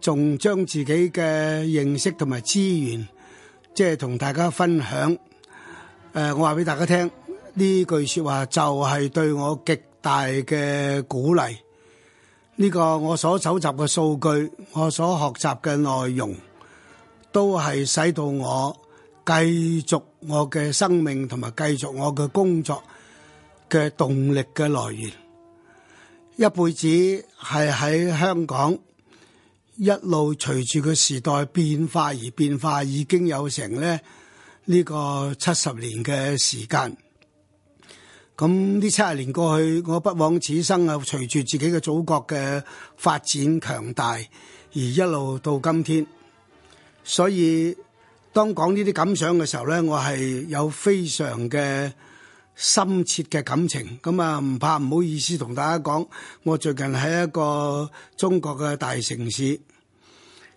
仲將自己嘅認識同埋資源，即係同大家分享。誒，我話俾大家聽，呢句説話就係對我極大嘅鼓勵。呢個我所搜集嘅數據，我所學習嘅內容，都係使到我繼續我嘅生命同埋繼續我嘅工作嘅動力嘅來源。一輩子係喺香港。一路隨住個時代變化而變化，已經有成咧呢個七十年嘅時間。咁呢七十年過去，我不枉此生啊！隨住自己嘅祖國嘅發展強大而一路到今天。所以當講呢啲感想嘅時候呢，我係有非常嘅深切嘅感情。咁啊，唔怕唔好意思同大家講，我最近喺一個中國嘅大城市，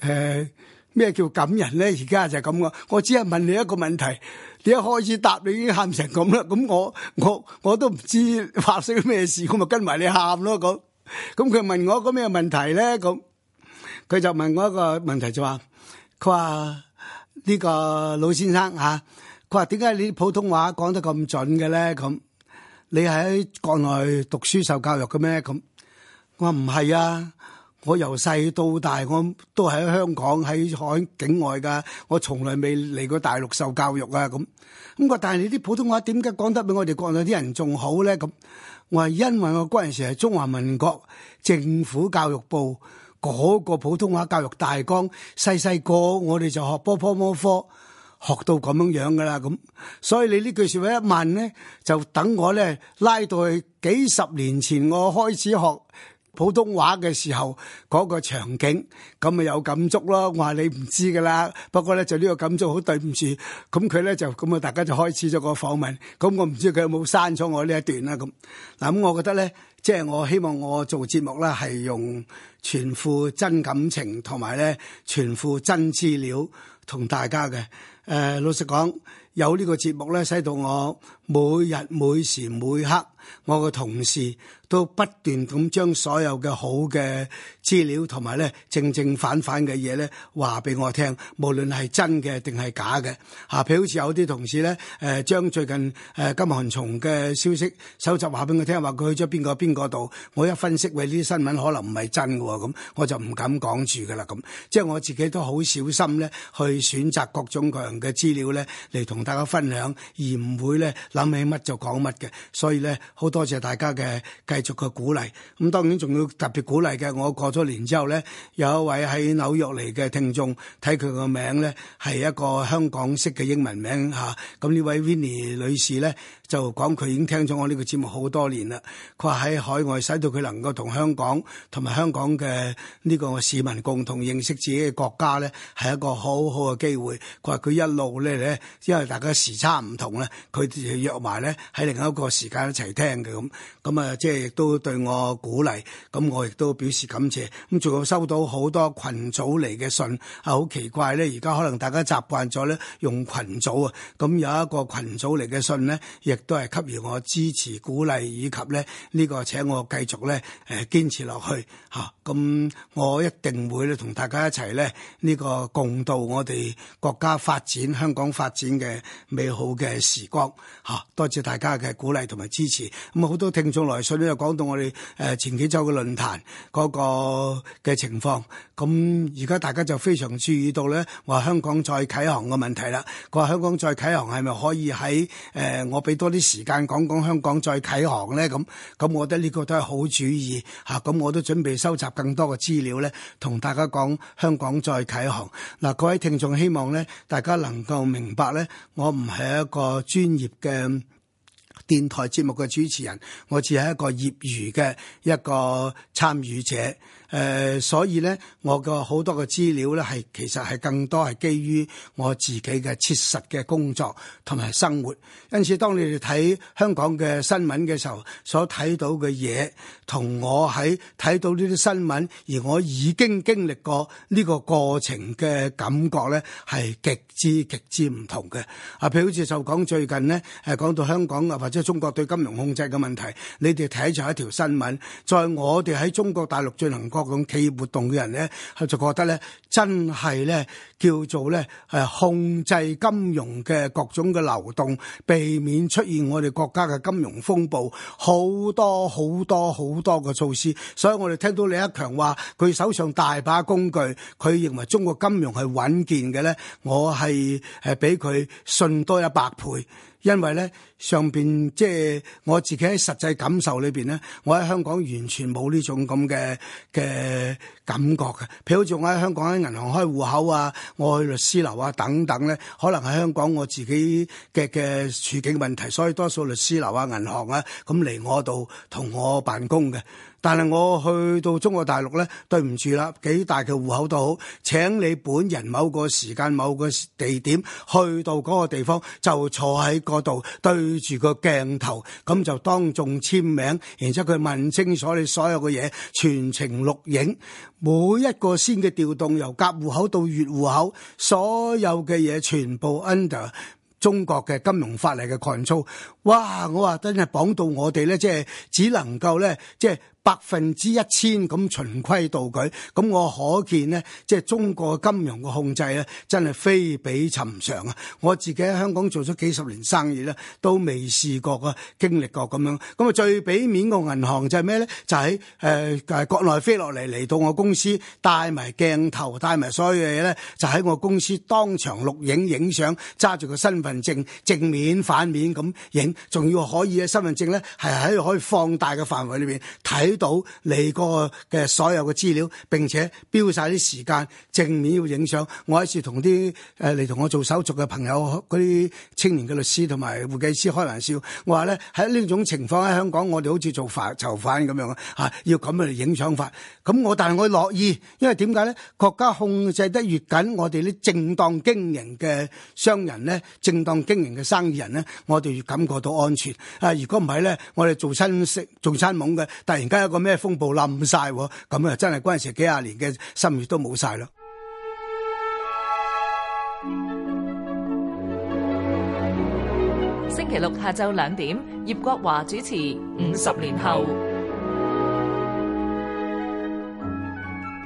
誒，咩、呃、叫感人咧？而家就咁㗎。我只係問你一個問題，你一開始答你已經喊成咁啦，咁我我我都唔知發生咗咩事，我咪跟埋你喊咯咁。咁佢問我一個咩問題咧？咁佢就問我一個問題就話，佢話呢個老先生吓、啊，佢話點解你啲普通話講得咁準嘅咧？咁你喺國內讀書受教育嘅咩？咁我話唔係啊。我由細到大，我都喺香港，喺海境外噶，我從來未嚟過大陸受教育啊！咁咁，但係你啲普通話點解講得比我哋國內啲人仲好咧？咁我係因為我嗰陣時係中華民國政府教育部嗰個普通話教育大綱，細細個我哋就學波波魔科，學到咁樣樣噶啦咁。所以你呢句說話一問咧，就等我咧拉到去幾十年前，我開始學普通話嘅時候嗰個場景，咁咪有感觸咯。我話你唔知㗎啦，不過咧就呢個感觸好對唔住。咁佢咧就咁啊，大家就開始咗個訪問。咁我唔知佢有冇刪咗我呢一段啦。咁嗱，咁我覺得咧，即係我希望我做節目咧係用全副真感情同埋咧全副真資料同大家嘅。誒，老實講，有呢個節目咧，使到我每日每時每刻。我個同事都不斷咁將所有嘅好嘅資料同埋咧正正反反嘅嘢咧話俾我聽，無論係真嘅定係假嘅，吓譬如好似有啲同事咧，誒將最近誒金韓松嘅消息搜集話俾我聽，話佢去咗邊個邊個度，我一分析，喂，呢啲新聞可能唔係真喎，咁我就唔敢講住噶啦，咁即係我自己都好小心咧去選擇各種各樣嘅資料咧嚟同大家分享，而唔會咧諗起乜就講乜嘅，所以咧。好多謝大家嘅繼續嘅鼓勵，咁當然仲要特別鼓勵嘅，我過咗年之後呢，有一位喺紐約嚟嘅聽眾，睇佢個名呢係一個香港式嘅英文名嚇，咁、啊、呢位 Vinnie 女士呢。就講佢已經聽咗我呢個節目好多年啦。佢話喺海外使到佢能夠同香港同埋香港嘅呢個市民共同認識自己嘅國家呢係一個好好嘅機會。佢話佢一路呢，咧，因為大家時差唔同呢，佢哋約埋呢喺另一個時間一齊聽嘅咁。咁啊，即係亦都對我鼓勵。咁我亦都表示感謝。咁仲有收到好多群組嚟嘅信啊，好奇怪呢。而家可能大家習慣咗呢，用群組啊。咁有一個群組嚟嘅信呢。亦都係給予我支持、鼓勵以及咧呢個請我繼續咧誒堅持落去吓，咁、啊、我一定會咧同大家一齊咧呢個共度我哋國家發展、香港發展嘅美好嘅時光吓、啊，多謝大家嘅鼓勵同埋支持。咁啊好多聽眾來信咧，就講到我哋誒前幾周嘅論壇嗰個嘅情況，咁而家大家就非常注意到咧，話香港再啓航嘅問題啦。佢話香港再啓航係咪可以喺誒、呃、我俾多多啲時間講講香港再啓航咧，咁咁，我覺得呢個都係好主意吓，咁、啊、我都準備收集更多嘅資料咧，同大家講香港再啓航。嗱、啊，各位聽眾，希望咧大家能夠明白咧，我唔係一個專業嘅電台節目嘅主持人，我只係一個業餘嘅一個參與者。誒、呃，所以咧，我嘅好多嘅資料咧，係其實係更多係基於我自己嘅切實嘅工作同埋生活。因此，當你哋睇香港嘅新聞嘅時候所的，所睇到嘅嘢同我喺睇到呢啲新聞，而我已經經歷過呢個過程嘅感覺咧，係極之極之唔同嘅。啊，譬如好似就講最近呢，誒，講到香港啊，或者中國對金融控制嘅問題，你哋睇就一條新聞，在我哋喺中國大陸進行。各種企業活動嘅人咧，佢就覺得咧，真係咧叫做咧，係控制金融嘅各種嘅流動，避免出現我哋國家嘅金融風暴，好多好多好多嘅措施。所以我哋聽到李克強話，佢手上大把工具，佢認為中國金融係穩健嘅咧，我係係俾佢信多一百倍。因為咧上邊即係我自己喺實際感受裏面咧，我喺香港完全冇呢種咁嘅嘅感覺嘅。譬如好似我喺香港喺銀行開戶口啊，我去律師樓啊等等咧，可能喺香港我自己嘅嘅處境問題，所以多數律師樓啊、銀行啊咁嚟我度同我辦公嘅。但係我去到中國大陸呢，對唔住啦，幾大嘅戶口都好，請你本人某個時間、某個地點去到嗰個地方，就坐喺嗰度對住個鏡頭，咁就當眾簽名，然之後佢問清楚你所有嘅嘢，全程錄影，每一個先嘅調動，由甲戶口到乙戶口，所有嘅嘢全部 under 中國嘅金融法例嘅群操。哇！我話真係綁到我哋呢，即係只能夠呢，即係。百分之一千咁循規蹈矩，咁我可見咧，即係中國嘅金融嘅控制咧，真係非比尋常啊！我自己喺香港做咗幾十年生意咧，都未試過啊，經歷過咁樣，咁啊，最俾面個銀行就係咩咧？就喺、是、誒、呃、國內飛落嚟，嚟到我公司帶埋鏡頭帶埋所有嘢咧，就喺我公司當場錄影，影、影相，揸住個身份證正面、反面咁影，仲要可以嘅身份證咧係喺可以放大嘅範圍裏面睇。到你個嘅所有嘅資料，並且標晒啲時間，正面要影相。我一次同啲誒嚟，同我做手續嘅朋友嗰啲青年嘅律師同埋會計師開玩笑，我話咧喺呢種情況喺香港，我哋好似做法囚犯咁樣啊，要咁嚟影相法。咁、啊、我但係我樂意，因為點解咧？國家控制得越緊，我哋啲正當經營嘅商人咧，正當經營嘅生意人咧，我哋越感覺到安全啊！如果唔係咧，我哋做新式做親蒙嘅，突然間。一個咩風暴冧晒，咁啊真係嗰陣時幾廿年嘅心血都冇晒咯。星期六下晝兩點，葉國華主持《五十年後》年後。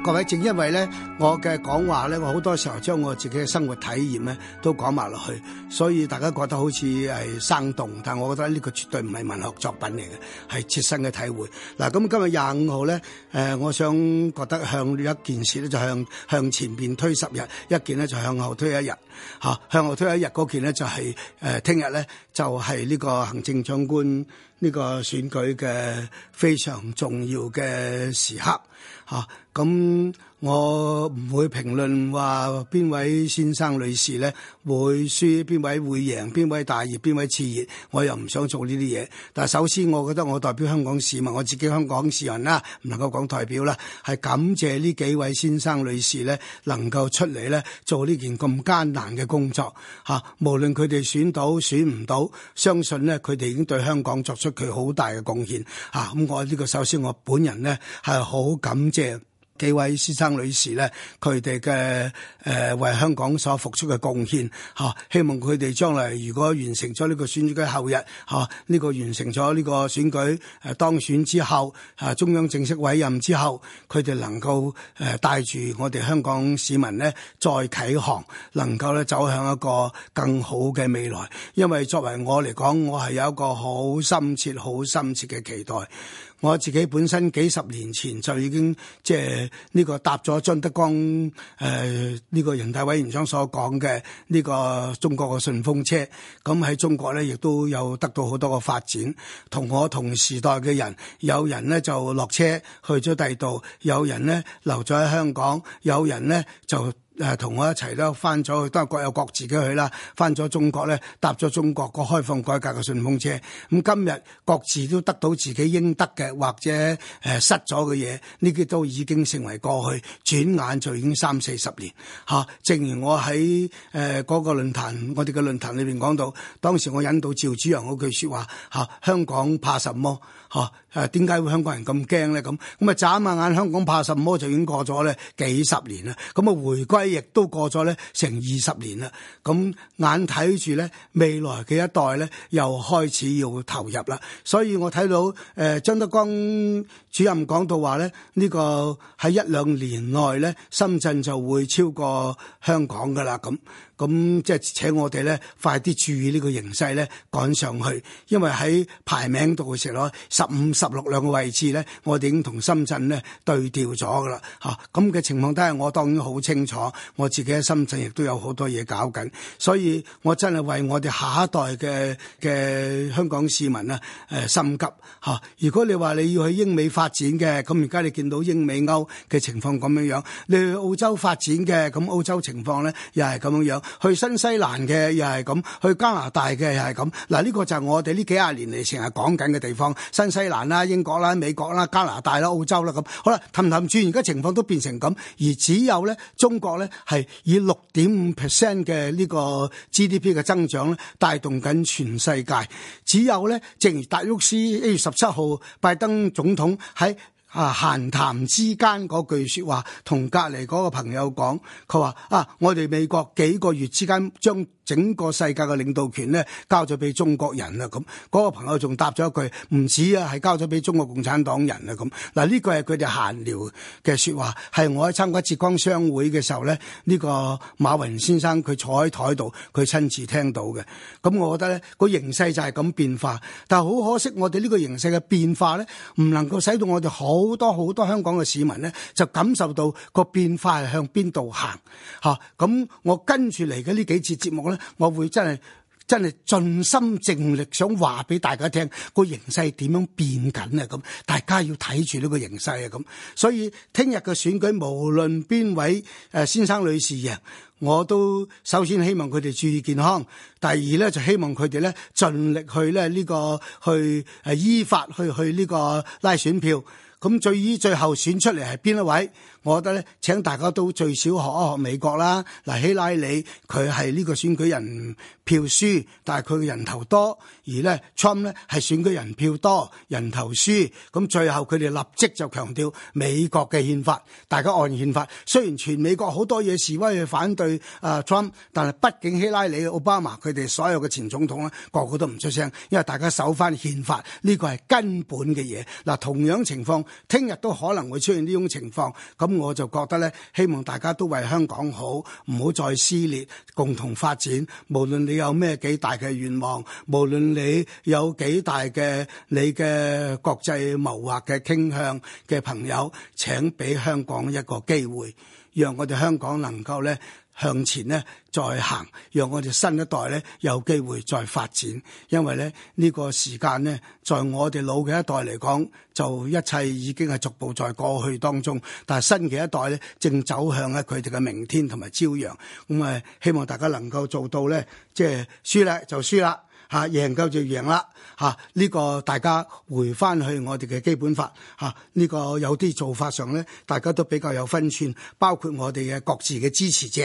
各位，正因為咧，我嘅講話咧，我好多時候將我自己嘅生活體驗咧，都講埋落去，所以大家覺得好似係生動，但係我覺得呢個絕對唔係文學作品嚟嘅，係切身嘅體會。嗱，咁今日廿五號咧，誒，我想覺得向一件事咧，就向向前面推十日，一件咧就向後推一日，啊、向後推一日嗰件咧就係、是、誒，聽日咧就係、是、呢個行政長官呢個選舉嘅非常重要嘅時刻。嚇咁。Ah, 我唔會評論話邊位先生女士呢會輸邊位會贏邊位大熱邊位次熱，我又唔想做呢啲嘢。但係首先，我覺得我代表香港市民，我自己香港市民啦，唔能夠講代表啦，係感謝呢幾位先生女士呢能夠出嚟呢做呢件咁艱難嘅工作吓。無論佢哋選到選唔到，相信呢，佢哋已經對香港作出佢好大嘅貢獻吓。咁我呢個首先，我本人呢係好感謝。幾位先生女士呢，佢哋嘅誒，為香港所付出嘅貢獻，吓，希望佢哋將來如果完成咗呢個選舉嘅後日吓，呢、這個完成咗呢個選舉誒當選之後，誒中央正式委任之後，佢哋能夠誒帶住我哋香港市民呢再啟航，能夠咧走向一個更好嘅未來，因為作為我嚟講，我係有一個好深切、好深切嘅期待。我自己本身幾十年前就已經即係呢個搭咗張德江，誒呢個人大委員長所講嘅呢個中國嘅順風車，咁喺中國咧亦都有得到好多個發展。同我同時代嘅人，有人咧就落車去咗第度，有人咧留咗喺香港，有人咧就。誒同我一齊都翻咗去，都係各有各自己去啦。翻咗中國咧，搭咗中國個開放改革嘅順風車。咁今日各自都得到自己應得嘅，或者、呃、失咗嘅嘢，呢啲都已經成為過去。轉眼就已經三四十年吓、啊、正如我喺誒嗰個論壇，我哋嘅論壇裏邊講到，當時我引到趙紫陽句說話，吓、啊、香港怕什麼，吓點解會香港人咁驚咧？咁咁啊眨下眼，香港怕什麼就已經過咗咧幾十年啦。咁啊回歸。亦都過咗咧成二十年啦，咁眼睇住咧未來嘅一代咧又開始要投入啦，所以我睇到誒張德江主任講到話咧，呢個喺一兩年內咧，深圳就會超過香港噶啦咁。咁即係請我哋咧，快啲注意呢個形勢咧，趕上去。因為喺排名度嘅時候，十五、十六兩個位置咧，我哋已經同深圳咧對調咗噶啦吓。咁嘅情況都係我當然好清楚，我自己喺深圳亦都有好多嘢搞緊，所以我真係為我哋下一代嘅嘅香港市民啊，誒、呃、心急、呃、如果你話你要去英美發展嘅，咁而家你見到英美歐嘅情況咁樣樣，你去澳洲發展嘅，咁澳洲情況咧又係咁樣樣。去新西蘭嘅又係咁，去加拿大嘅又係咁。嗱、啊、呢、這個就係我哋呢幾廿年嚟成日講緊嘅地方，新西蘭啦、啊、英國啦、啊、美國啦、啊、加拿大啦、啊、澳洲啦、啊、咁。好啦，氹氹轉而家情況都變成咁，而只有咧中國咧係以六點五 percent 嘅呢個 GDP 嘅增長咧帶動緊全世界。只有咧正如達沃斯一月十七號拜登總統喺。啊，閒談之間嗰句說話同隔離嗰個朋友講，佢話啊，我哋美國幾個月之間將，整個世界嘅領導權咧，交咗俾中國人啦，咁嗰個朋友仲答咗一句，唔止啊，係交咗俾中國共產黨人啊，咁嗱呢個係佢哋閒聊嘅說話，係我喺參加浙江商會嘅時候咧，呢個馬雲先生佢坐喺台度，佢親自聽到嘅。咁我覺得咧，個形勢就係咁變化，但係好可惜，我哋呢個形勢嘅變化咧，唔能夠使到我哋好多好多香港嘅市民咧，就感受到個變化係向邊度行吓，咁我跟住嚟嘅呢幾次節目咧。我會真係真係盡心盡力，想話俾大家聽個形勢點樣變緊啊！咁大家要睇住呢個形勢啊！咁所以聽日嘅選舉，無論邊位誒先生女士贏，我都首先希望佢哋注意健康。第二咧就希望佢哋咧盡力去咧、呢、呢個去誒、啊、依法去去呢、呢個拉選票。咁最於最後選出嚟係邊一位？我覺得咧，請大家都最少學一學美國啦。嗱，希拉里佢係呢個選舉人票輸，但係佢人頭多；而咧 Trump 咧係選舉人票多，人頭輸。咁最後佢哋立即就強調美國嘅憲法，大家按憲法。雖然全美國好多嘢示威去反對啊 Trump，但係畢竟希拉里、奧巴馬佢哋所有嘅前總統咧，個個都唔出聲，因為大家守翻憲法呢個係根本嘅嘢。嗱，同樣情況，聽日都可能會出現呢種情況。咁我就覺得呢，希望大家都為香港好，唔好再撕裂，共同發展，無論你有咩幾大嘅願望，無論你有幾大嘅你嘅國際謀劃嘅傾向嘅朋友，請俾香港一個機會，讓我哋香港能夠呢，向前咧，再行，讓我哋新一代咧有機會再發展。因為咧，呢個時間咧，在我哋老嘅一代嚟講，就一切已經係逐步在過去當中；但係新嘅一代咧，正走向佢哋嘅明天同埋朝陽，咁啊，希望大家能夠做到咧，即係輸啦就輸啦。嚇贏夠就贏啦！嚇、這、呢個大家回翻去我哋嘅基本法嚇呢、這個有啲做法上咧，大家都比較有分寸，包括我哋嘅各自嘅支持者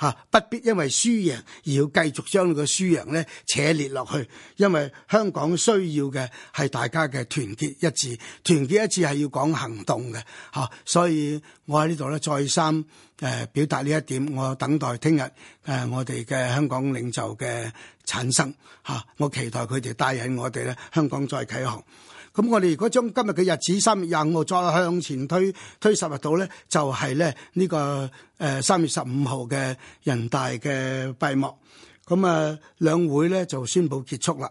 嚇，不必因為輸贏而要繼續將個輸贏咧扯裂落去，因為香港需要嘅係大家嘅團結一致，團結一致係要講行動嘅嚇，所以我喺呢度咧再三誒表達呢一點，我等待聽日誒我哋嘅香港領袖嘅。產生嚇，我期待佢哋帶引我哋咧，香港再啓航。咁我哋如果將今日嘅日子三月廿五號再向前推推十日到咧，就係咧呢個誒三月十五號嘅人大嘅閉幕。咁啊，兩會咧就宣布結束啦。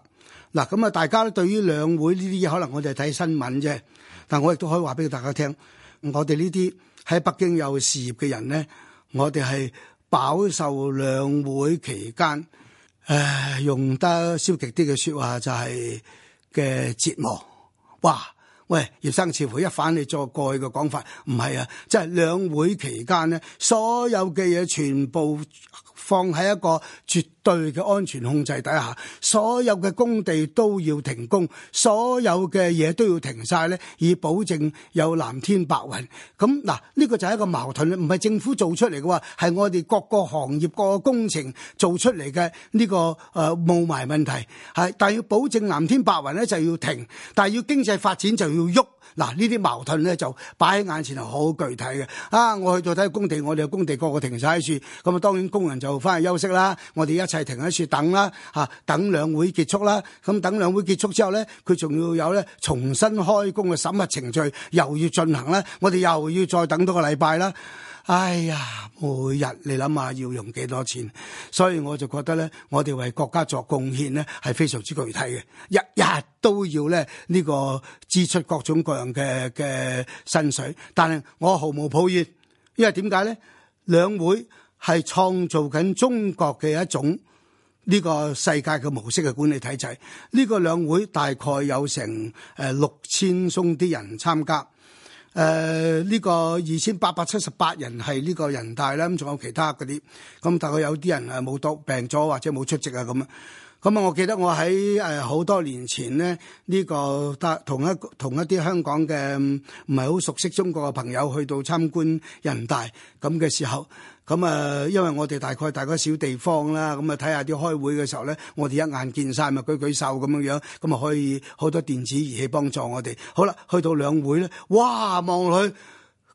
嗱，咁啊，大家對於兩會呢啲嘢，可能我哋睇新聞啫，但我亦都可以話俾大家聽，我哋呢啲喺北京有事業嘅人咧，我哋係飽受兩會期間。誒，用得消極啲嘅說話就係嘅折磨，哇！喂，葉生似乎一反你作過去嘅講法。唔係啊，即係兩會期間咧，所有嘅嘢全部。放喺一個絕對嘅安全控制底下，所有嘅工地都要停工，所有嘅嘢都要停晒，呢，以保證有藍天白雲。咁嗱，呢、呢個就係一個矛盾，唔係政府做出嚟嘅喎，係我哋各個行業各個工程做出嚟嘅呢個誒、呃、霧霾問題。係，但要保證藍天白雲呢，就要停；但要經濟發展，就要喐。嗱，呢啲矛盾咧就擺喺眼前係好具體嘅。啊，我去到睇工地，我哋工地個個停晒喺處，咁啊當然工人就翻去休息啦。我哋一齊停喺處等啦，嚇等兩會結束啦。咁等兩會結束之後咧，佢仲要有咧重新開工嘅審核程序，又要進行啦。我哋又要再等多個禮拜啦。哎呀，每日你諗下要用幾多錢，所以我就覺得咧，我哋為國家作貢獻咧，係非常之具體嘅，日日都要咧呢個支出各種各樣嘅嘅薪水，但係我毫無抱怨，因為點解咧？兩會係創造緊中國嘅一種呢個世界嘅模式嘅管理體制，呢個兩會大概有成誒、呃、六千鬆啲人參加。誒呢、呃，這個二千八百七十八人係呢個人大啦，咁仲有其他嗰啲，咁大概有啲人誒冇到病咗或者冇出席啊咁啊。咁啊，我記得我喺誒好多年前咧，呢、這個搭同一同一啲香港嘅唔係好熟悉中國嘅朋友去到參觀人大咁嘅時候。咁啊，因為我哋大概大概小地方啦，咁啊睇下啲開會嘅時候咧，我哋一眼見晒咪舉舉手咁樣樣，咁啊可以好多電子儀器幫助我哋。好啦，去到兩會咧，哇，望佢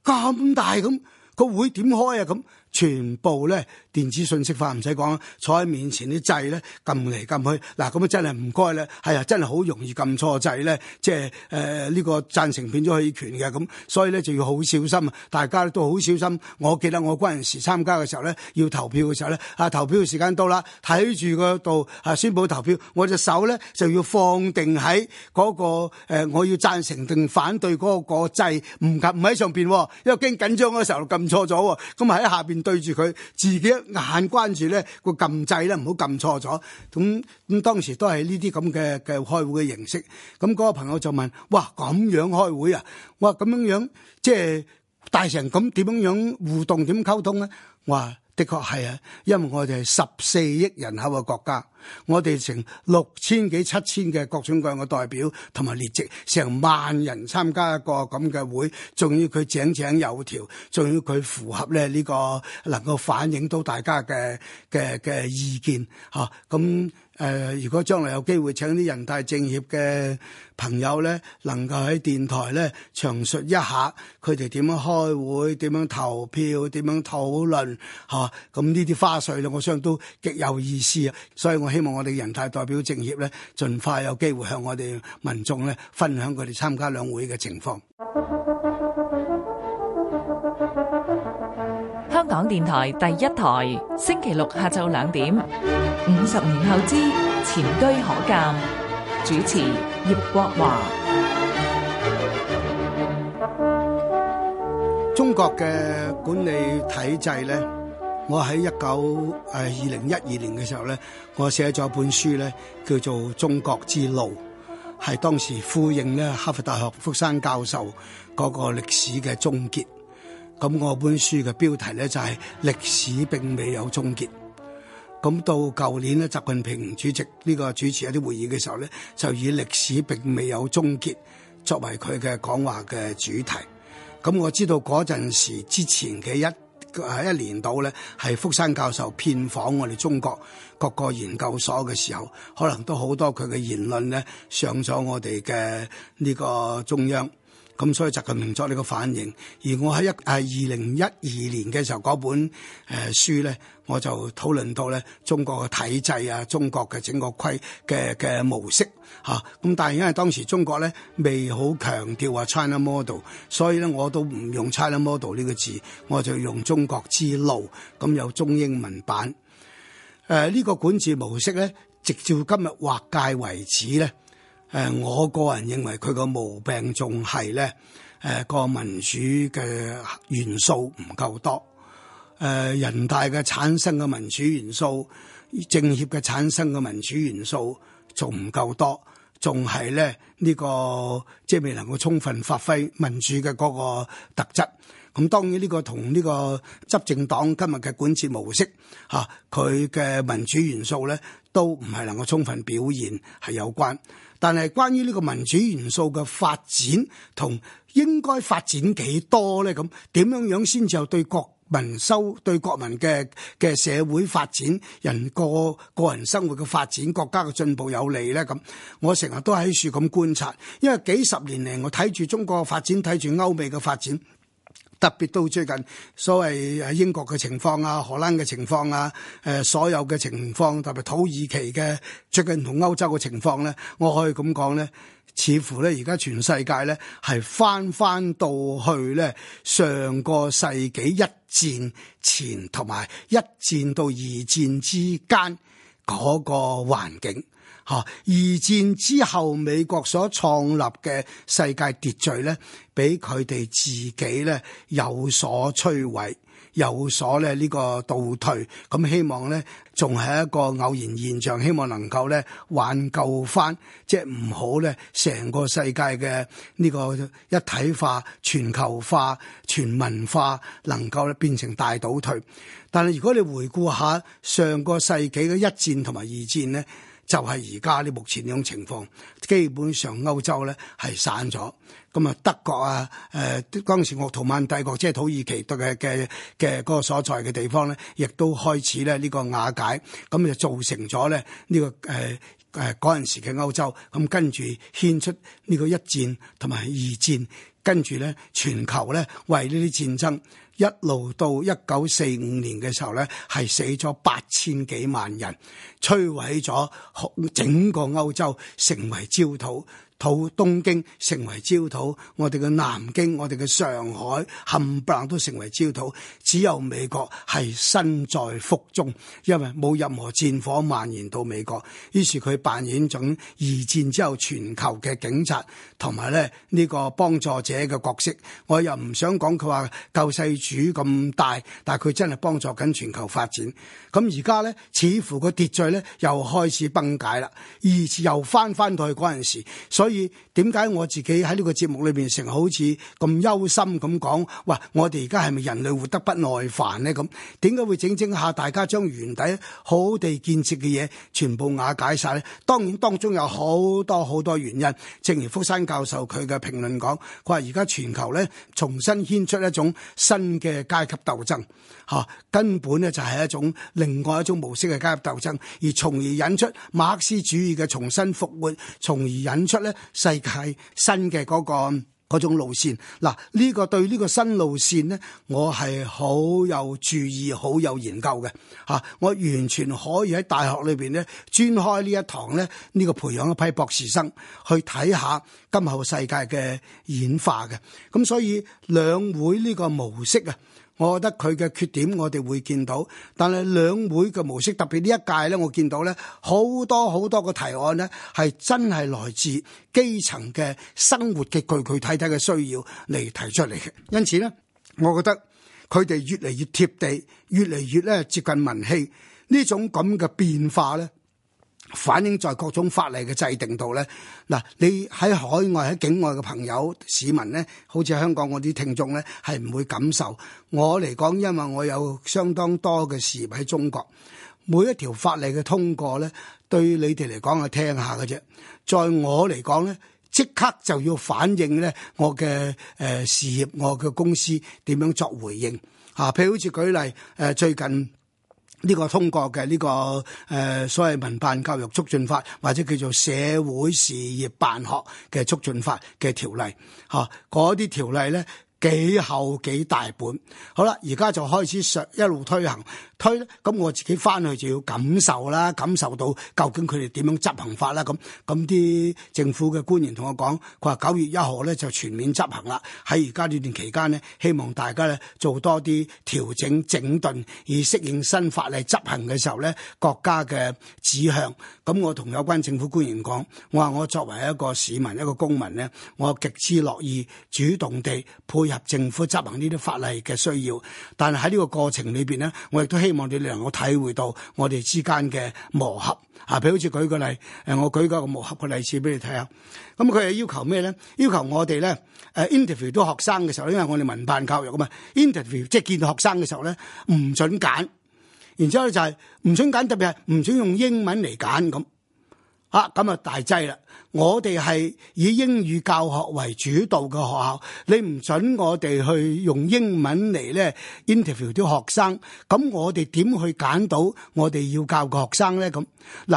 咁大咁個會點開啊咁，全部咧。電子信息化唔使講，坐喺面前啲掣咧撳嚟撳去，嗱咁啊真係唔該咧，係啊真係好容易撳錯掣咧，即係誒呢個讚成變咗棄權嘅咁，所以咧就要好小心，大家都好小心。我記得我嗰陣時參加嘅時候咧，要投票嘅時候咧，啊投票嘅時間到啦，睇住個度啊宣布投票，我隻手咧就要放定喺嗰、那個誒、呃、我要讚成定反對嗰、那個掣，唔撳唔喺上邊，因為驚緊張嗰時候撳錯咗咁啊喺下邊對住佢自己。眼關住咧個撳掣，咧，唔好撳錯咗。咁咁當時都係呢啲咁嘅嘅開會嘅形式。咁、那、嗰個朋友就問，哇，咁樣開會啊？我咁樣樣，即係大成咁點樣樣互動，點溝通咧？話。的確係啊，因為我哋係十四億人口嘅國家，我哋成六千幾、七千嘅各種各樣嘅代表，同埋列席成萬人參加一個咁嘅會，仲要佢井井有條，仲要佢符合咧呢個能夠反映到大家嘅嘅嘅意見吓，咁、啊。誒、呃，如果將來有機會，請啲人大政協嘅朋友呢能夠喺電台咧詳述一下佢哋點樣開會、點樣投票、點樣討論，吓咁呢啲花絮呢我相信都極有意思啊！所以我希望我哋人大代表政協咧，盡快有機會向我哋民眾咧分享佢哋參加兩會嘅情況。香港電台第一台，星期六下晝兩點。五十年後之前車可鑑，主持葉國華。中國嘅管理體制咧，我喺一九誒二零一二年嘅時候咧，我寫咗本書咧，叫做《中國之路》，係當時呼應咧哈佛大學福山教授嗰個歷史嘅終結。咁我本書嘅標題咧就係、是、歷史並未有終結。咁到舊年咧，習近平主席呢個主持一啲會議嘅時候咧，就以歷史並未有終結作為佢嘅講話嘅主題。咁我知道嗰陣時之前嘅一誒一年度咧，係福山教授遍訪我哋中國各個研究所嘅時候，可能都好多佢嘅言論咧上咗我哋嘅呢個中央。咁所以就近捕咗呢個反應，而我喺一係二零一二年嘅時候嗰本誒書咧，我就討論到咧中國嘅體制啊，中國嘅整個規嘅嘅模式嚇。咁、啊、但係因為當時中國咧未好強調啊 China model，所以咧我都唔用 China model 呢個字，我就用中國之路。咁有中英文版。誒、啊、呢、呢個管治模式咧，直至今日劃界為止咧。誒、呃，我個人認為佢個毛病仲係咧，誒、呃、個民主嘅元素唔夠多。誒、呃、人大嘅產生嘅民主元素，政協嘅產生嘅民主元素仲唔夠多，仲係咧呢、這個即係、就是、未能夠充分發揮民主嘅嗰個特質。咁當然呢個同呢個執政黨今日嘅管治模式下佢嘅民主元素咧，都唔係能夠充分表現係有關。但係關於呢個民主元素嘅發展同應該發展幾多呢？咁點樣樣先至對國民收對國民嘅嘅社會發展人個個人生活嘅發展國家嘅進步有利呢？咁我成日都喺樹咁觀察，因為幾十年嚟我睇住中國嘅發展，睇住歐美嘅發展。特別到最近所謂英國嘅情況啊、荷蘭嘅情況啊、呃、所有嘅情況，特別土耳其嘅最近同歐洲嘅情況咧，我可以咁講咧，似乎咧而家全世界咧係返返到去咧上個世紀一戰前同埋一戰到二戰之間嗰個環境。吓，二戰之後美國所創立嘅世界秩序咧，俾佢哋自己咧有所摧毀，有所咧呢個倒退。咁希望咧仲係一個偶然現象，希望能夠咧挽救翻，即係唔好咧成個世界嘅呢個一體化、全球化、全文化，能夠咧變成大倒退。但係如果你回顧下上個世紀嘅一戰同埋二戰咧。就係而家咧，目前呢種情況，基本上歐洲咧係散咗，咁啊德國啊，誒當時鄂圖曼帝國即係土耳其嘅嘅嘅嗰個所在嘅地方咧，亦都開始咧呢個瓦解，咁就造成咗咧呢個誒。呃誒嗰陣時嘅歐洲，咁跟住牽出呢個一戰同埋二戰，跟住咧全球咧為呢啲戰爭，一路到一九四五年嘅時候咧，係死咗八千幾萬人，摧毀咗整個歐洲，成為焦土。土東京成為焦土，我哋嘅南京、我哋嘅上海冚唪唥都成為焦土，只有美國係身在福中，因為冇任何戰火蔓延到美國。於是佢扮演咗二戰之後全球嘅警察同埋咧呢個幫助者嘅角色。我又唔想講佢話救世主咁大，但係佢真係幫助緊全球發展。咁而家呢，似乎個秩序呢又開始崩解啦，而又翻翻到去嗰陣時，所以。所以點解我自己喺呢個節目裏邊成好似咁憂心咁講？喂，我哋而家係咪人類活得不耐煩呢？咁點解會整整下大家將原底好地建設嘅嘢，全部瓦解晒呢？當然當中有好多好多原因。正如福山教授佢嘅評論講，佢話而家全球呢重新牽出一種新嘅階級鬥爭。啊、根本咧就係一種另外一種模式嘅階級鬥爭，而從而引出馬克思主義嘅重新復活，從而引出咧世界新嘅嗰、那個嗰種路線。嗱、啊，呢、這個對呢個新路線呢，我係好有注意、好有研究嘅、啊。我完全可以喺大學裏邊呢專開一呢一堂咧，呢、這個培養一批博士生去睇下今後世界嘅演化嘅。咁所以兩會呢個模式啊～我覺得佢嘅缺點，我哋會見到，但係兩會嘅模式，特別呢一屆咧，我見到咧，好多好多個提案咧，係真係來自基層嘅生活嘅具具體體嘅需要嚟提出嚟嘅。因此咧，我覺得佢哋越嚟越貼地，越嚟越咧接近民氣呢種咁嘅變化咧。反映在各種法例嘅制定度咧，嗱，你喺海外喺境外嘅朋友市民咧，好似香港我啲聽眾咧，係唔會感受。我嚟講，因為我有相當多嘅事業喺中國，每一條法例嘅通過咧，對你哋嚟講係聽下嘅啫。在我嚟講咧，即刻就要反映咧，我嘅誒事業，我嘅公司點樣作回應啊？譬如好似舉例誒，最近。呢個通過嘅呢、呢個誒、呃、所謂民辦教育促進法，或者叫做社會事業辦學嘅促進法嘅條例，嚇嗰啲條例咧，幾厚幾大本。好啦，而家就開始上一路推行。推咧，咁我自己翻去就要感受啦，感受到究竟佢哋點樣執行法啦。咁咁啲政府嘅官員同我講，佢話九月一號咧就全面執行啦。喺而家呢段期間呢，希望大家咧做多啲調整整頓，以適應新法例執行嘅時候呢，國家嘅指向。咁我同有關政府官員講，我話我作為一個市民、一個公民呢，我極之樂意主動地配合政府執行呢啲法例嘅需要。但係喺呢個過程裏面呢，我亦都希望希望你哋能夠體會到我哋之間嘅磨合啊，譬如好似舉個例，誒，我舉個個磨合嘅例子俾你睇下。咁佢係要求咩咧？要求我哋咧，誒，interview 到學生嘅時候，因為我哋民辦教育啊嘛，interview 即係見到學生嘅時候咧，唔准揀，然之後咧就係唔准揀，特別係唔准用英文嚟揀咁。啊，咁啊大劑啦！我哋係以英語教學為主導嘅學校，你唔准我哋去用英文嚟咧 interview 啲學生，咁我哋點去揀到我哋要教嘅學生咧？咁嗱，誒、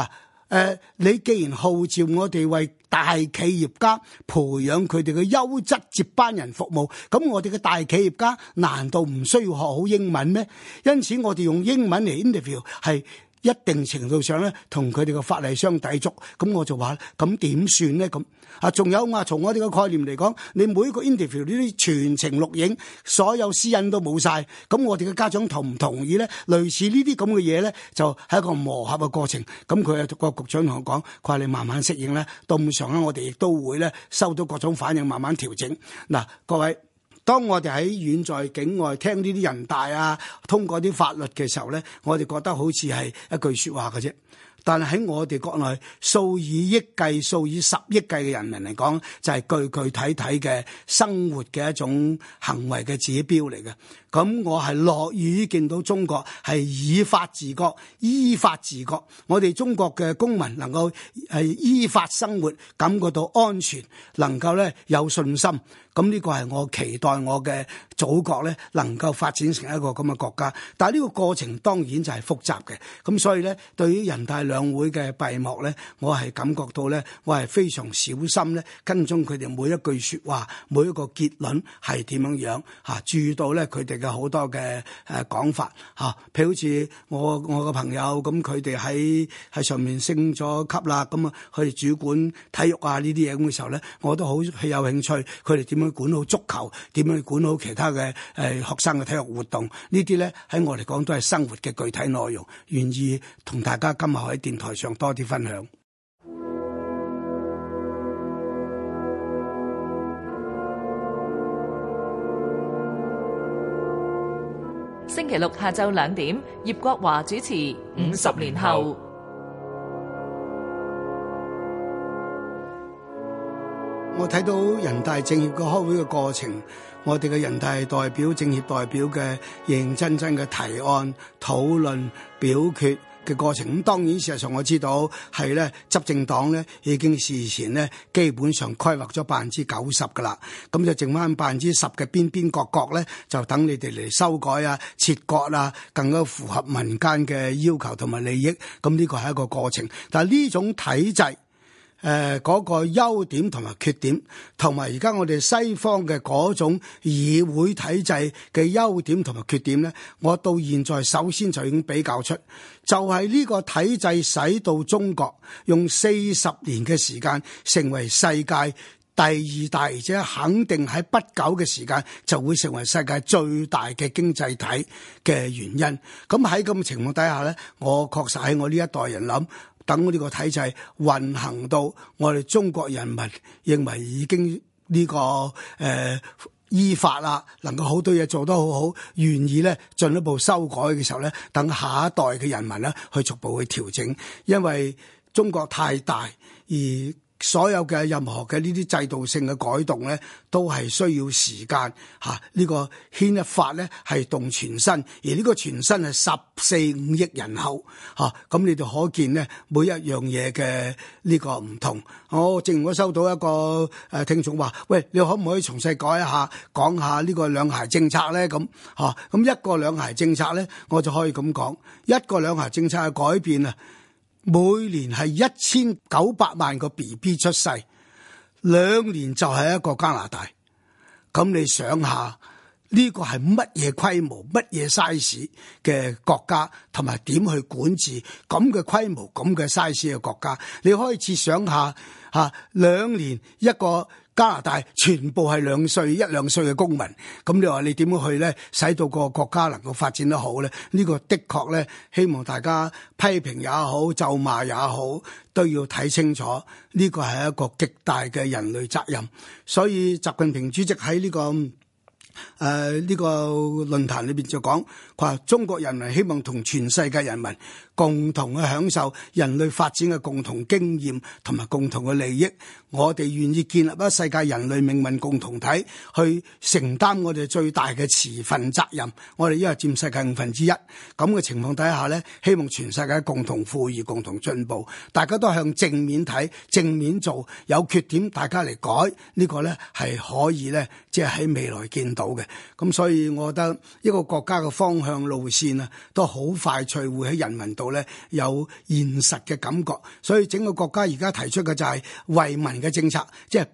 啊，你既然號召我哋為大企業家培養佢哋嘅優質接班人服務，咁我哋嘅大企業家難道唔需要學好英文咩？因此我哋用英文嚟 interview 係一定程度上咧，同佢哋嘅法例相抵觸，咁我就話：咁點算咧？咁啊，仲有啊從我哋嘅概念嚟講，你每一個 interview 呢啲全程錄影，所有私隱都冇晒，咁我哋嘅家長同唔同意咧？類似呢啲咁嘅嘢咧，就係一個磨合嘅過程。咁佢啊，郭局長同我講，佢話你慢慢適應咧，到咁上下，我哋亦都會咧收到各種反應，慢慢調整。嗱，各位。當我哋喺遠在境外聽呢啲人大啊通過啲法律嘅時候咧，我哋覺得好似係一句說話嘅啫。但喺我哋國內數以億計，數以十億計嘅人民嚟講就係、是、具具體體嘅生活嘅一種行為嘅指標嚟嘅。咁、嗯、我係樂於見到中國係以法治國，依法治國，我哋中國嘅公民能夠係依法生活，感覺到安全，能夠咧有信心。咁、嗯、呢、這個係我期待我嘅祖國咧能夠發展成一個咁嘅國家。但係呢個過程當然就係複雜嘅。咁、嗯、所以咧，對於人大兩。兩會嘅閉幕咧，我係感覺到咧，我係非常小心咧，跟蹤佢哋每一句說話，每一個結論係點樣樣吓，注意到咧佢哋嘅好多嘅誒講法吓，譬如好似我我個朋友咁，佢哋喺喺上面升咗級啦，咁啊去主管體育啊呢啲嘢，咁嘅時候咧，我都好有興趣佢哋點樣管好足球，點樣管好其他嘅誒學生嘅體育活動呢啲咧，喺我嚟講都係生活嘅具體內容，願意同大家今日喺。電台上多啲分享。星期六下晝兩點，葉國華主持。五十年後，我睇到人大政協個開會嘅過程，我哋嘅人大代表、政協代表嘅認真真嘅提案、討論、表決。嘅過程，咁當然事實上我知道係咧執政黨咧已經事前咧基本上規劃咗百分之九十噶啦，咁就剩翻百分之十嘅邊邊角角咧，就等你哋嚟修改啊、切割啊，更加符合民間嘅要求同埋利益。咁呢個係一個過程，但係呢種體制，誒嗰、呃那個優點同埋缺點，同埋而家我哋西方嘅嗰種議會體制嘅優點同埋缺點呢，我到現在首先就已經比較出，就係、是、呢個體制使到中國用四十年嘅時間成為世界第二大，而且肯定喺不久嘅時間就會成為世界最大嘅經濟體嘅原因。咁喺咁嘅情況底下呢，我確實喺我呢一代人諗。等呢個體制運行到我哋中國人民認為已經呢、這個誒、呃、依法啦，能夠好多嘢做得好好，願意咧進一步修改嘅時候咧，等下一代嘅人民咧去逐步去調整，因為中國太大而。所有嘅任何嘅呢啲制度性嘅改動咧，都係需要時間吓。啊，這個、呢個牽一髮咧係動全身，而呢個全身係十四五億人口吓。咁、啊、你哋可見咧，每一樣嘢嘅呢個唔同。我正如我收到一個、呃、聽眾話：喂，你可唔可以重新改一下講下呢個兩孩政策咧？咁、啊、吓、咁、啊、一個兩孩政策咧，我就可以咁講，一個兩孩政策嘅改變啊！每年係一千九百萬個 B B 出世，兩年就係一個加拿大。咁你想下，呢個係乜嘢規模、乜嘢 size 嘅國家，同埋點去管治咁嘅規模、咁嘅 size 嘅國家？你可以設想下，吓兩年一個。加拿大全部係兩歲一兩歲嘅公民，咁你話你點樣去呢？使到個國家能夠發展得好呢？呢個的確呢，希望大家批評也好、咒罵也好，都要睇清楚。呢個係一個極大嘅人類責任。所以習近平主席喺呢個。誒，呢、呃這個論壇裏邊就講，話中國人民希望同全世界人民共同去享受人類發展嘅共同經驗，同埋共同嘅利益。我哋願意建立一世界人類命運共同體，去承擔我哋最大嘅持份責任。我哋因為佔世界五分之一咁嘅情況底下呢，希望全世界共同富裕、共同進步。大家都向正面睇，正面做，有缺點大家嚟改。呢、這個呢係可以呢，即係喺未來見到。好嘅，咁所以我覺得一個國家嘅方向路線啊，都好快脆會喺人民度咧，有現實嘅感覺。所以整個國家而家提出嘅就係為民嘅政策，即、就、係、是、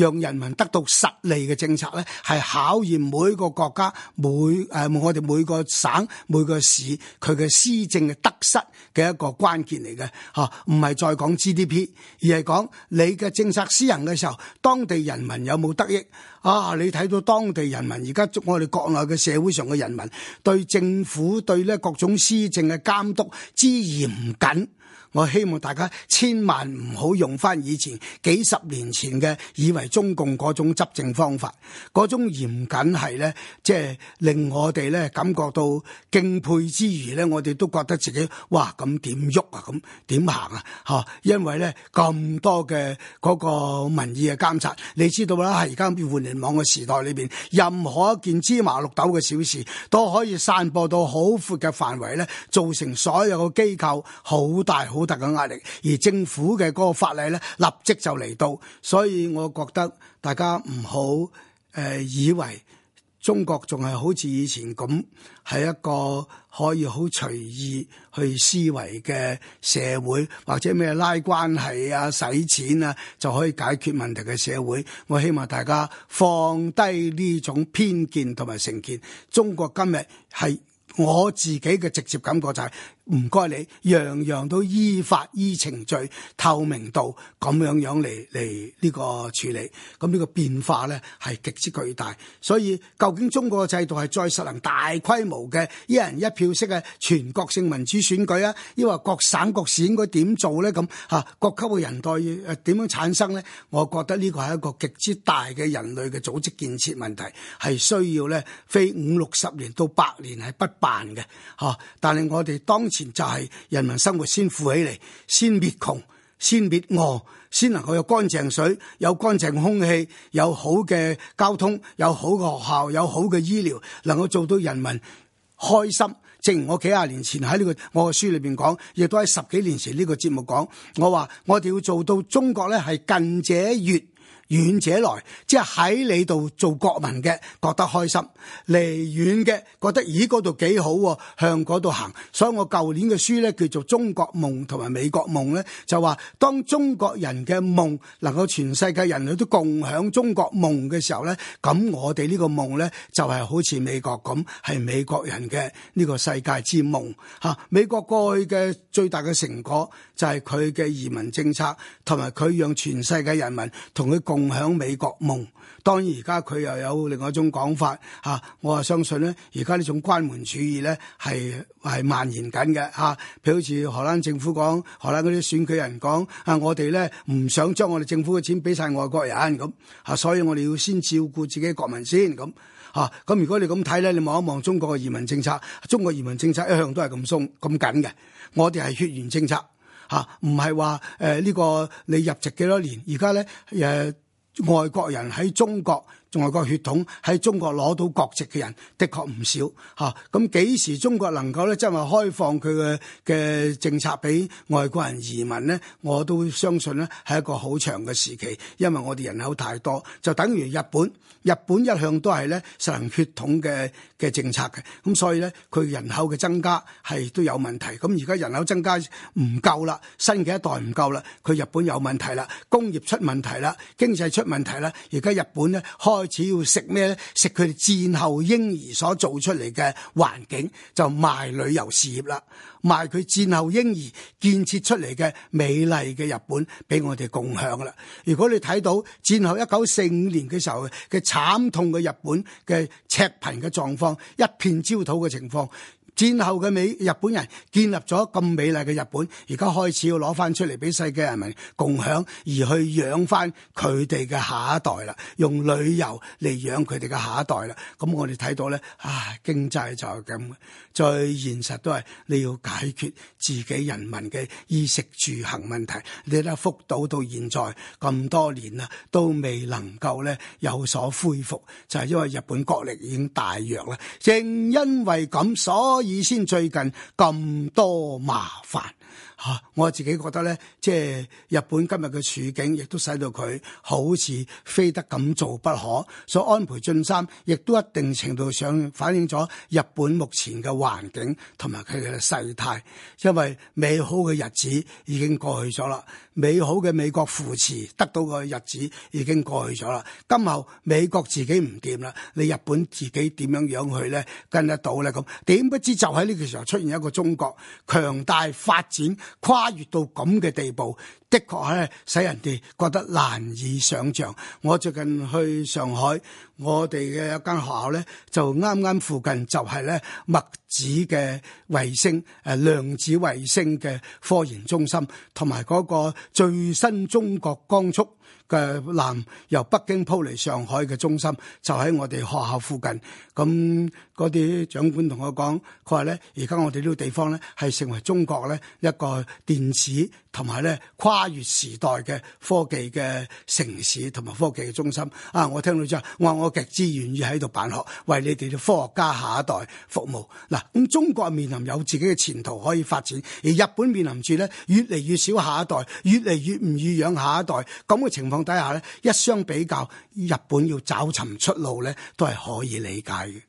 讓人民得到實利嘅政策咧，係考驗每個國家、每誒、呃、我哋每個省、每個市佢嘅施政嘅得失嘅一個關鍵嚟嘅。吓、啊，唔係再講 GDP，而係講你嘅政策施行嘅時候，當地人民有冇得益？啊！你睇到當地人民而家，我哋國內嘅社會上嘅人民對政府對咧各種施政嘅監督之嚴謹。我希望大家千萬唔好用翻以前幾十年前嘅，以為中共嗰種執政方法，嗰種嚴謹係咧，即係令我哋咧感覺到敬佩之餘咧，我哋都覺得自己哇咁點喐啊，咁點行啊吓？因為咧咁多嘅個民意嘅監察，你知道啦，係而家互聯網嘅時代裏邊，任何一件芝麻綠豆嘅小事都可以散播到好闊嘅範圍咧，造成所有嘅機構好大好。好大嘅壓力，而政府嘅嗰個法例咧，立即就嚟到，所以我覺得大家唔好誒以為中國仲係好似以前咁，係一個可以好隨意去思維嘅社會或者咩拉關係啊、使錢啊就可以解決問題嘅社會，我希望大家放低呢種偏見同埋成見，中國今日係我自己嘅直接感覺就係、是。唔該你，樣樣都依法依程序、透明度咁樣樣嚟嚟，呢個處理，咁呢個變化咧係極之巨大。所以究竟中國嘅制度係再實行大規模嘅一人一票式嘅全國性民主選舉啊？抑或各省各市應該點做咧？咁吓各級嘅人代要點樣產生咧？我覺得呢個係一個極之大嘅人類嘅組織建設問題，係需要咧非五六十年到百年係不辦嘅。吓、啊，但係我哋當前。就係人民生活先富起嚟，先滅窮，先滅餓，先能夠有乾淨水、有乾淨空氣、有好嘅交通、有好嘅學校、有好嘅醫療，能夠做到人民開心。正如我幾廿年前喺呢個我嘅書裏邊講，亦都喺十幾年前呢個節目講，我話我哋要做到中國咧係近者悅。遠者來，即係喺你度做國民嘅，覺得開心；離遠嘅覺得，咦嗰度幾好喎，向嗰度行。所以我舊年嘅書呢，叫做《中國夢》同埋《美國夢》呢，就話當中國人嘅夢能夠全世界人類都共享中國夢嘅時候呢，咁我哋呢個夢呢，就係好似美國咁，係美國人嘅呢個世界之夢。吓、啊，美國過去嘅最大嘅成果就係佢嘅移民政策，同埋佢讓全世界人民同佢共。共享美國夢，當然而家佢又有另外一種講法，嚇、啊，我啊相信咧，而家呢種關門主義咧係係蔓延緊嘅嚇。譬如好似荷蘭政府講，荷蘭嗰啲選舉人講啊，我哋咧唔想將我哋政府嘅錢俾晒外國人咁嚇、啊，所以我哋要先照顧自己國民先咁嚇。咁、啊啊、如果你咁睇咧，你望一望中國嘅移民政策，中國移民政策一向都係咁鬆咁緊嘅。我哋係血緣政策嚇，唔係話誒呢個你入籍幾多年，而家咧誒。呃外國人喺中國。外國血統喺中國攞到國籍嘅人，的確唔少吓，咁幾時中國能夠咧，即係話開放佢嘅嘅政策俾外國人移民呢？我都相信呢，係一個好長嘅時期，因為我哋人口太多，就等於日本。日本一向都係咧實行血統嘅嘅政策嘅，咁、啊、所以呢，佢人口嘅增加係都有問題。咁而家人口增加唔夠啦，新嘅一代唔夠啦，佢日本有問題啦，工業出問題啦，經濟出問題啦。而家日本咧開開始要食咩咧？食佢哋戰後嬰兒所做出嚟嘅環境，就賣旅遊事業啦，賣佢戰後嬰兒建設出嚟嘅美麗嘅日本俾我哋共享啦。如果你睇到戰後一九四五年嘅時候嘅慘痛嘅日本嘅赤貧嘅狀況，一片焦土嘅情況。戰後嘅美日本人建立咗咁美麗嘅日本，而家開始要攞翻出嚟俾世界人民共享，而去養翻佢哋嘅下一代啦。用旅遊嚟養佢哋嘅下一代啦。咁我哋睇到咧，啊，經濟就係咁，最現實都係你要解決自己人民嘅衣食住行問題。你睇福島到現在咁多年啦，都未能夠咧有所恢復，就係、是、因為日本國力已經大弱啦。正因為咁，所以以先最近咁多麻煩嚇，啊，我自己覺得咧，即係日本今日嘅處境，亦都使到佢好似非得咁做不可。所以安倍晉三亦都一定程度上反映咗日本目前嘅環境同埋佢嘅勢態，因為美好嘅日子已經過去咗啦。美好嘅美國扶持得到嘅日子已經過去咗啦，今後美國自己唔掂啦，你日本自己點樣樣去咧，跟得到咧咁？點不知就喺呢個時候出現一個中國強大發展，跨越到咁嘅地步。的確咧，使人哋覺得難以想像。我最近去上海，我哋嘅一間學校咧，就啱啱附近就係咧墨子嘅衛星，誒量子衛星嘅科研中心，同埋嗰個最新中國光速。嘅南由北京鋪嚟上海嘅中心就喺我哋學校附近，咁嗰啲長官同我講，佢話咧，而家我哋呢個地方咧係成為中國咧一個電子同埋咧跨越時代嘅科技嘅城市同埋科技嘅中心啊！我聽到之後，我話我極之願意喺度辦學，為你哋啲科學家下一代服務。嗱，咁中國面臨有自己嘅前途可以發展，而日本面臨住咧越嚟越少下一代，越嚟越唔預養下一代咁嘅。情況底下咧，一相比較，日本要找尋出路咧，都係可以理解嘅。